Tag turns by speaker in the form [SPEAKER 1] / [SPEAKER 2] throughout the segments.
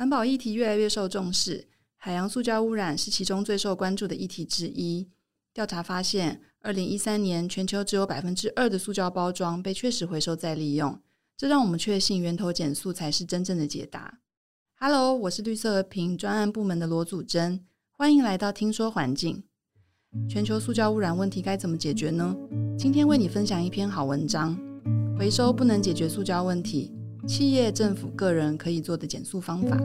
[SPEAKER 1] 環保議題越來越受重視，海洋塑膠污染是其中最受關注的議題之一。調查發現，二零一三年全球只有百分之二的塑膠包裝被確實回收再利用，這讓我們確信源頭減塑才是真正的解答。Hello，我是綠色和平專案部門的羅祖珍，歡迎來到聽說環境。全球塑膠污染問題該怎麼解決呢？今天為你分享一篇好文章：回收不能解決塑膠問題。企業、政府、個人可以做的減塑方法。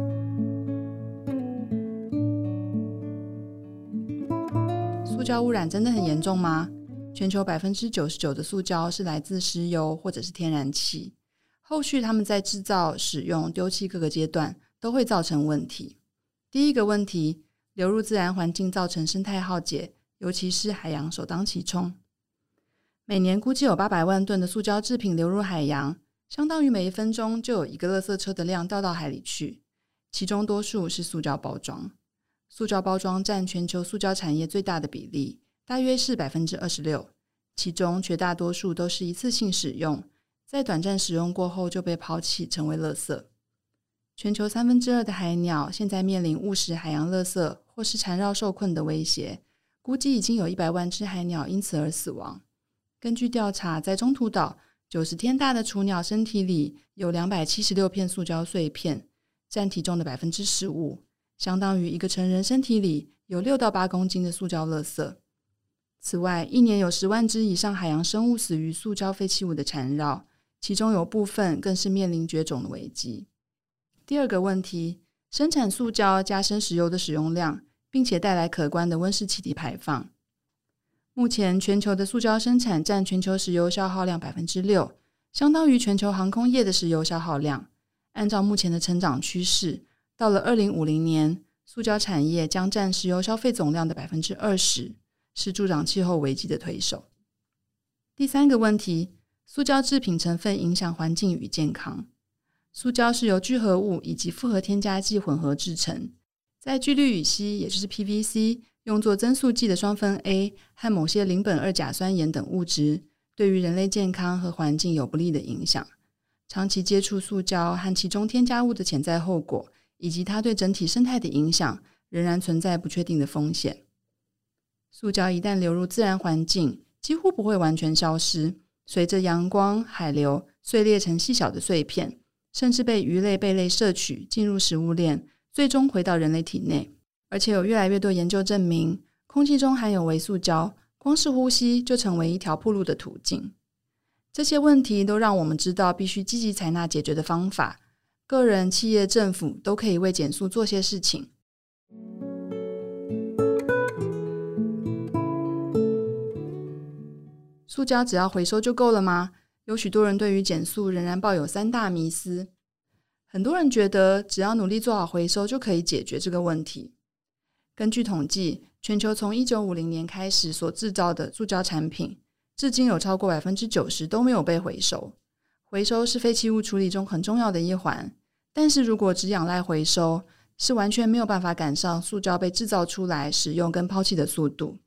[SPEAKER 1] 塑膠污染真的很嚴重嗎？全球百分之九十九的塑膠是來自石油或者是天然氣，後續他們在製造、使用、丟棄各個階段都會造成問題。第一個問題，流入自然環境造成生態耗竭，尤其是海洋首當其衝。每年估計有八百萬噸的塑膠製品流入海洋。相當於每一分鐘就有一個垃圾車的量倒到海裡去，其中多數是塑膠包裝。塑膠包裝占全球塑膠產業最大的比例，大約是百分之二十六。其中絕大多數都是一次性使用，在短暫使用過後就被拋棄，成為垃圾。全球三分之二的海鳥現在面臨誤食海洋垃圾或是纏繞受困的威脅，估計已經有一百萬只海鳥因此而死亡。根據調查，在中途島，九十天大的雛鳥身體裡有兩百七十六片塑膠碎片，占體重的百分之十五，相當於一個成人身體裡有六到八公斤的塑膠垃圾。此外，一年有十萬隻以上海洋生物死於塑膠廢棄物的纏繞，其中有部分更是面臨絕種的危機。第二個問題，生產塑膠加深石油的使用量，並且帶來可觀的溫室氣體排放。目前，全球的塑膠生產占全球石油消耗量百分之六，相當於全球航空業的石油消耗量。按照目前的成長趨勢，到了二零五零年，塑膠產業將占石油消費總量的百分之二十，是助長氣候危機的推手。第三個問題，塑膠製品成分影響環境與健康。塑膠是由聚合物以及複合添加劑混合製成，在聚氯乙烯，也就是 PVC。用作增塑劑的雙酚 A 和某些鄰苯二甲酸鹽等物質，對於人類健康和環境有不利的影響。長期接觸塑膠和其中添加物的潛在後果，以及它對整體生態的影響，仍然存在不確定的風險。塑膠一旦流入自然環境，幾乎不會完全消失，隨着陽光、海流碎裂成細小的碎片，甚至被魚類、貝類攝取，進入食物鏈，最終回到人類體內。而且有越來越多研究證明，空氣中含有微塑膠，光是呼吸就成為一條暴露的途徑。這些問題都讓我們知道，必須積極採納解決的方法。個人、企業、政府都可以為減塑做些事情。塑膠只要回收就夠了嗎？有許多人對於減塑仍然抱有三大迷思。很多人覺得，只要努力做好回收，就可以解決這個問題。根據統計，全球從一九五零年開始所製造的塑膠產品，至今有超過百分之九十都沒有被回收。回收是廢棄物處理中很重要的一環，但是如果只仰賴回收，是完全沒有辦法趕上塑膠被製造出來、使用跟拋棄的速度。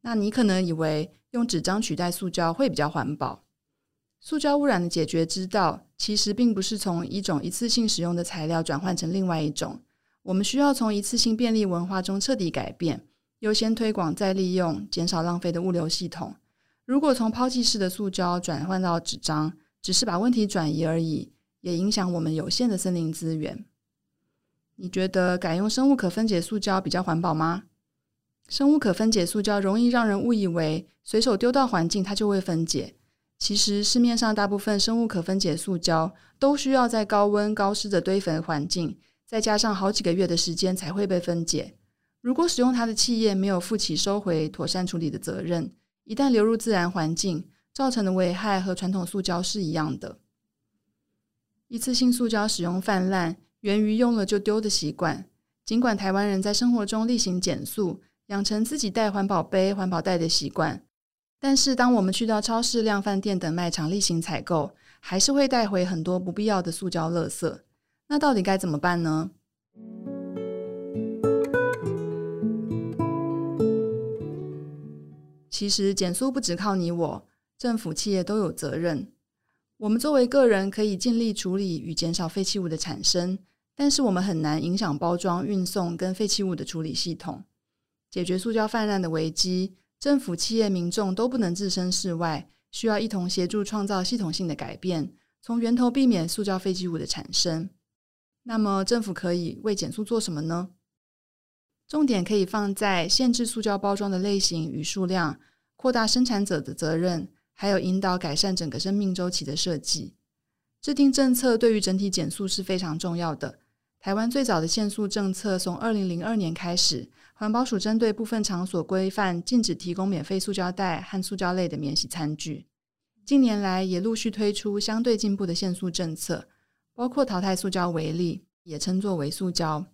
[SPEAKER 1] 那你可能以為用紙張取代塑膠會比較環保。塑膠污染的解決之道，其實並不是從一種一次性使用的材料轉換成另外一種。我們需要從一次性便利文化中徹底改變，優先推廣再利用、減少浪費的物流系統。如果從拋棄式的塑膠轉換到紙張，只是把問題轉移而已，也影響我們有限的森林資源。你覺得改用生物可分解塑膠比較環保嗎？生物可分解塑膠容易讓人誤以為隨手丟到環境它就會分解，其實市面上大部分生物可分解塑膠都需要在高溫高濕的堆肥環境，再加上好幾個月的時間才會被分解。如果使用它的企業沒有負起收回、妥善處理的責任，一旦流入自然環境，造成的危害和傳統塑膠是一樣的。一次性塑膠使用氾濫，源於用了就丟的習慣。儘管台灣人在生活中例行減塑，養成自己帶環保杯、環保袋的習慣，但是當我們去到超市、量販店等賣場例行採購，還是會帶回很多不必要的塑膠垃圾。那到底該怎麼辦呢？其實減塑不只靠你我，政府、企業都有責任。我們作為個人可以盡力處理與減少廢棄物的產生，但是我們很難影響包裝、運送跟廢棄物的處理系統。解決塑膠泛濫的危機，政府、企業、民眾都不能置身事外，需要一同協助創造系統性的改變，從源頭避免塑膠廢棄物的產生。那麼，政府可以為減塑做什麼呢？重點可以放在限制塑膠包裝的類型與數量，擴大生產者的責任，還有引導改善整個生命周期的設計。制定政策對於整體減塑是非常重要的。台灣最早的限塑政策從二零零二年開始，環保署針對部分場所規範禁止提供免費塑膠袋和塑膠類的免洗餐具。近年來也陸續推出相對進步的限塑政策。包括淘汰塑膠微粒，也稱作微塑膠。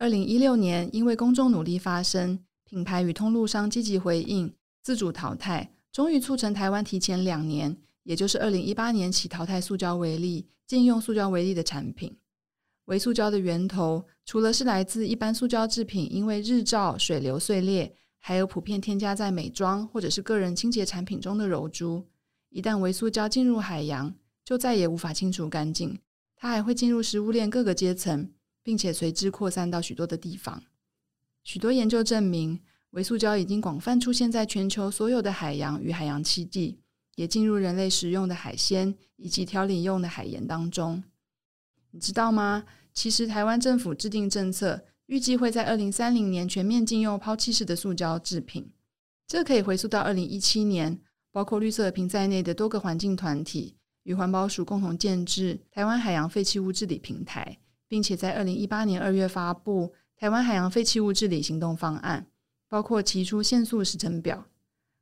[SPEAKER 1] 二零一六年，因為公眾努力發聲，品牌與通路商積極回應，自主淘汰，終於促成台灣提前兩年，也就是二零一八年起淘汰塑膠微粒，禁用塑膠微粒的產品。微塑膠的源頭，除了是來自一般塑膠製品，因為日照、水流碎裂，還有普遍添加在美妝或者是個人清潔產品中的柔珠。一旦微塑膠進入海洋，就再也無法清除乾淨。它還會進入食物鏈各個階層，並且隨之擴散到許多的地方。許多研究證明，微塑膠已經廣泛出現在全球所有的海洋與海洋棲地，也進入人類食用的海鮮以及調理用的海鹽當中。你知道嗎？其實台灣政府制定政策，預計會在二零三零年全面禁用拋棄式的塑膠制品。這可以回溯到二零一七年，包括綠色和平在內的多個環境團體，與環保署共同建置台灣海洋廢棄物治理平台，並且在二零一八年二月發布《台灣海洋廢棄物治理行動方案》，包括提出限塑時程表。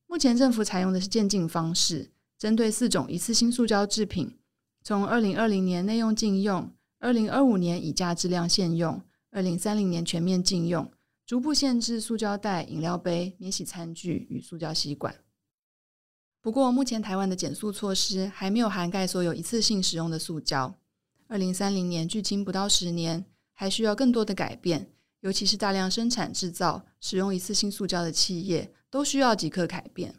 [SPEAKER 1] 目前政府採用的是漸進方式，針對四種一次性塑膠制品，從二零二零年內用禁用，二零二五年以價制量限用，二零三零年全面禁用，逐步限制塑膠袋、飲料杯、免洗餐具與塑膠吸管。不過，目前台灣的減塑措施還沒有涵蓋所有一次性使用的塑膠。二零三零年距今不到十年，還需要更多的改變，尤其是大量生產製造使用一次性塑膠的企業，都需要即刻改變。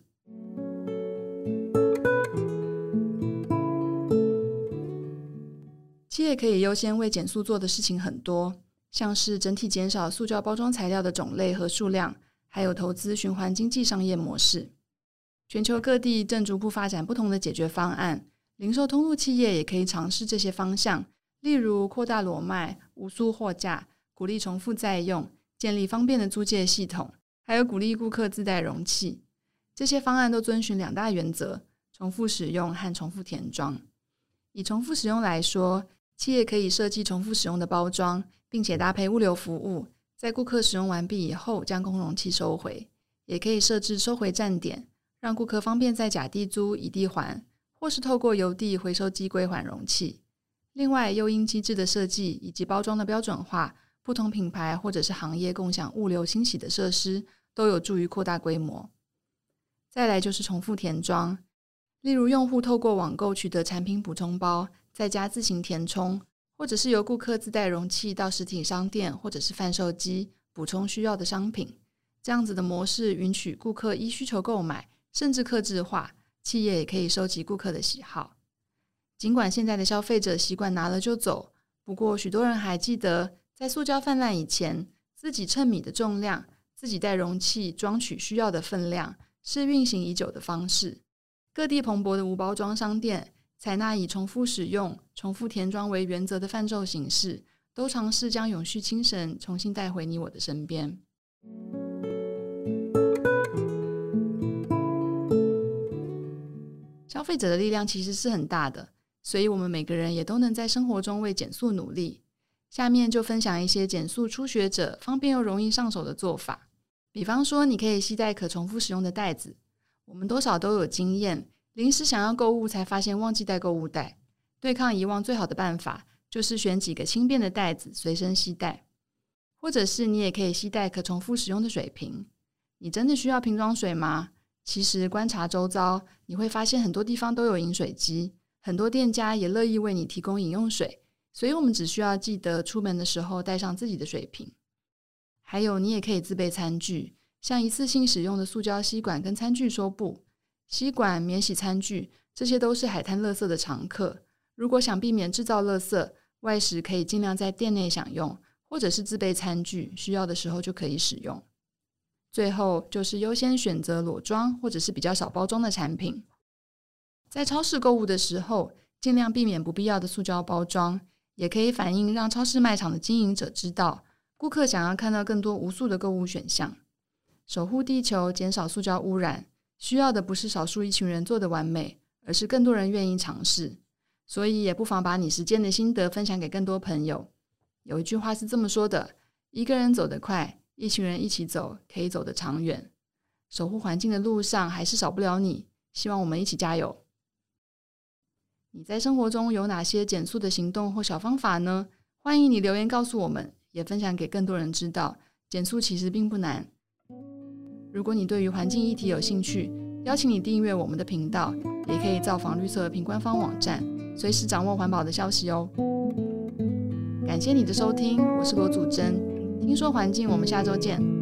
[SPEAKER 1] 企業可以優先為減塑做的事情很多，像是整體減少塑膠包裝材料的種類和數量，還有投資循環經濟商業模式。全球各地正逐步發展不同的解決方案，零售通路企業也可以嘗試這些方向，例如擴大裸賣、無塑貨架、鼓勵重複再用、建立方便的租借系統，還有鼓勵顧客自帶容器。這些方案都遵循兩大原則：重複使用和重複填裝。以重複使用來說，企業可以設計重複使用的包裝，並且搭配物流服務，在顧客使用完畢以後將空容器收回，也可以設置收回站點。讓顧客方便在甲地租乙地還，或是透過郵遞回收機歸還容器。另外，誘因機制的設計以及包裝的標準化，不同品牌或者是行業共享物流清洗的設施，都有助於擴大規模。再來就是重複填裝，例如用戶透過網購取得產品補充包，在家自行填充，或者是由顧客自帶容器到實體商店或者是販售機補充需要的商品。這樣子的模式允許顧客依需求購買。甚至客製化，企業也可以收集顧客的喜好。儘管現在的消費者習慣拿了就走，不過許多人還記得，在塑膠氾濫以前，自己稱米的重量，自己帶容器裝取需要的分量，是運行已久的方式。各地蓬勃的無包裝商店，採納以重複使用、重複填裝為原則的販售形式，都嘗試將永續精神重新帶回你我的身邊。消費者的力量其實是很大的，所以我們每個人也都能在生活中為減塑努力。下面就分享一些減塑初學者方便又容易上手的做法，比方說你可以攜帶可重複使用的袋子。我們多少都有經驗，臨時想要購物才發現忘記帶購物袋。對抗遺忘最好的辦法就是選幾個輕便的袋子隨身攜帶，或者是你也可以攜帶可重複使用的水瓶。你真的需要瓶裝水嗎？其實觀察周遭，你會發現很多地方都有飲水機，很多店家也樂意為你提供飲用水。所以，我們只需要記得出門的時候帶上自己的水瓶。還有，你也可以自備餐具，像一次性使用的塑膠吸管跟餐具說不，吸管、免洗餐具，這些都是海灘垃圾的常客。如果想避免制造垃圾，外食可以盡量在店內享用，或者是自備餐具，需要的時候就可以使用。最後就是優先選擇裸裝或者是比較少包裝的產品，在超市購物的時候，盡量避免不必要的塑膠包裝，也可以反映讓超市賣場的經營者知道，顧客想要看到更多無塑的購物選項。守護地球，減少塑膠汙染，需要的不是少數一群人做得完美，而是更多人願意嘗試。所以也不妨把你實踐的心得分享給更多朋友。有一句話是這麼說的：一個人走得快。一群人一起走，可以走得長遠。守護環境的路上，還是少不了你。希望我們一起加油。你在生活中有哪些減塑的行動或小方法呢？歡迎你留言告訴我們，也分享給更多人知道。減塑其實並不難。如果你對於環境議題有興趣，邀請你訂閱我們的頻道，也可以造訪綠色和平官方網站，隨時掌握環保的消息哦。感謝你的收聽，我是羅祖珍。聽說環境，我們下周見。